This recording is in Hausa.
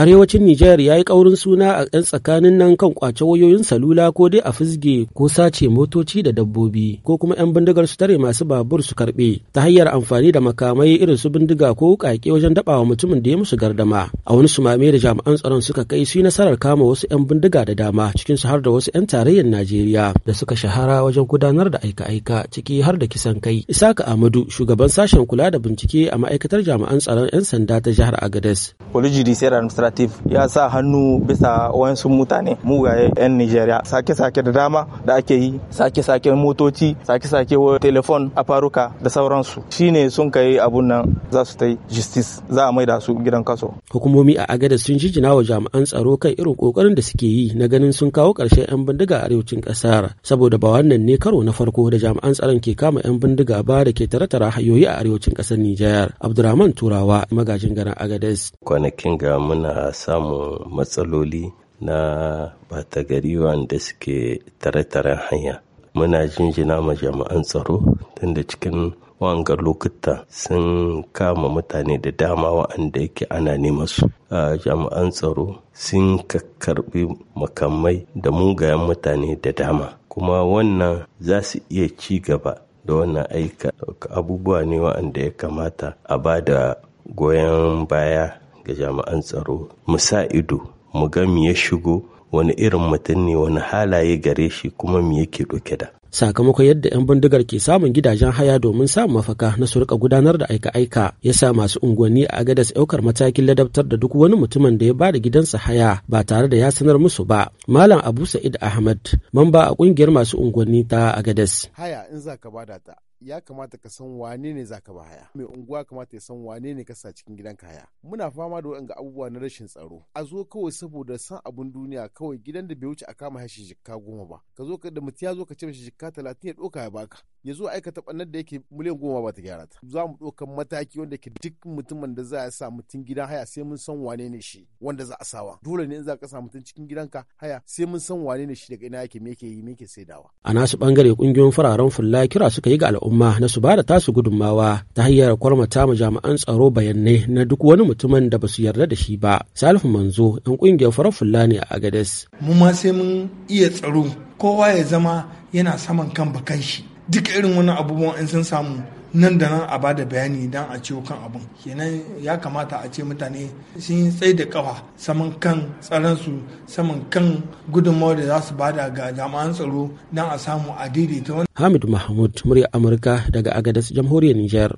Arewacin Nijar ya yi ƙaurin suna a 'yan tsakanin nan kan ƙwace wayoyin salula ko dai a fizge ko sace motoci da dabbobi ko kuma 'yan bindigar su tare masu babur su karɓe ta hanyar amfani da makamai irin su bindiga ko kake wajen daɓawa mutumin da ya musu gardama. A wani sumame da jami'an tsaron suka kai su yi nasarar kama wasu 'yan bindiga da dama cikin su har da wasu 'yan tarayyar Najeriya da suka shahara wajen gudanar da aika-aika ciki har da kisan kai. Isaka ahmadu shugaban sashen kula da bincike a ma'aikatar jami'an tsaron 'yan sanda ta jihar Agadez. Wani sai cooperative ya sa hannu bisa wayansu mutane mugaye 'yan nigeria sake-sake da dama da ake yi sake-sake motoci sake-sake telefon a faruka da sauransu shine sun kai abun nan za su ta yi justice za a da su gidan kaso hukumomi a agada sun jijina wa jami'an tsaro kai irin kokarin da suke yi na ganin sun kawo ƙarshen 'yan bindiga a arewacin ƙasar saboda ba wannan ne karo na farko da jami'an tsaron ke kama 'yan bindiga ba da ke tara-tara hayoyi a arewacin kasar nijar abdurrahman turawa magajin garin agades kwanakin ga muna na samun matsaloli na bata gari wanda suke tare-taren hanya muna jinjina ma jami'an tsaro tunda cikin wanga lokuta sun kama mutane da dama wa'anda yake ana nema su a jami'an tsaro sun karbi makamai da mugayen mutane da dama kuma wannan za su iya ci gaba da wannan aika abubuwa ne wa'anda ya kamata a ba da goyon baya ga jami'an tsaro mu sa ido mu ga mu ya shigo wani irin mutum ne wani halaye gare shi kuma me yake ɗauke da sakamakon yadda 'yan bindigar ke samun gidajen haya domin samun mafaka na su gudanar da aika-aika ya sa masu unguwanni a gadas ɗaukar matakin ladabtar da duk wani mutumin da ya ba da gidansa haya ba tare da ya sanar musu ba malam abu sa'id ahmad mamba a ƙungiyar masu unguwanni ta agadas haya in za ka ba ta ya kamata ka san wane ne za ka ba haya mai unguwa kamata ya san wane ne ka sa cikin ka haya muna fama da waɗanga abubuwa na rashin tsaro a zo kawai saboda san abun duniya kawai gidan da bai wuce a kama hashi jikka goma ba ka zo da mutum ya zo ka ce mashi ka talatin ya ɗauka ya baka ya zo aikata ɓannar da yake miliyan goma ba ta gyara ta za mu ɗaukan mataki wanda ke duk mutumin da za a sa mutum gidan haya sai mun san wane ne shi wanda za a sawa dole ne in za ka sa mutum cikin gidan ka haya sai mun san wane ne shi daga ina yake me yake yi me sai saidawa a nasu bangare kungiyoyin fararen fulla kira suka yi ga al'umma na su ba da tasu gudummawa ta hanyar kwarmata ma jami'an tsaro bayanai na duk wani mutumin da ba su yarda da shi ba salifu manzo yan kungiyar farar fulla ne a agades mu ma sai mun iya tsaro kowa ya zama yana saman kan bakan shi duk irin wani abubuwan in sun samu nan da nan a ba da bayani don a ciwo kan abun kenan ya kamata a ce mutane sun tsaye da kafa saman kan tsaransu saman kan gudunmawar da za su bada ga jami'an tsaro don a samu a daidaita wani hamid mahmud murya amurka daga agadas jamhuriyar niger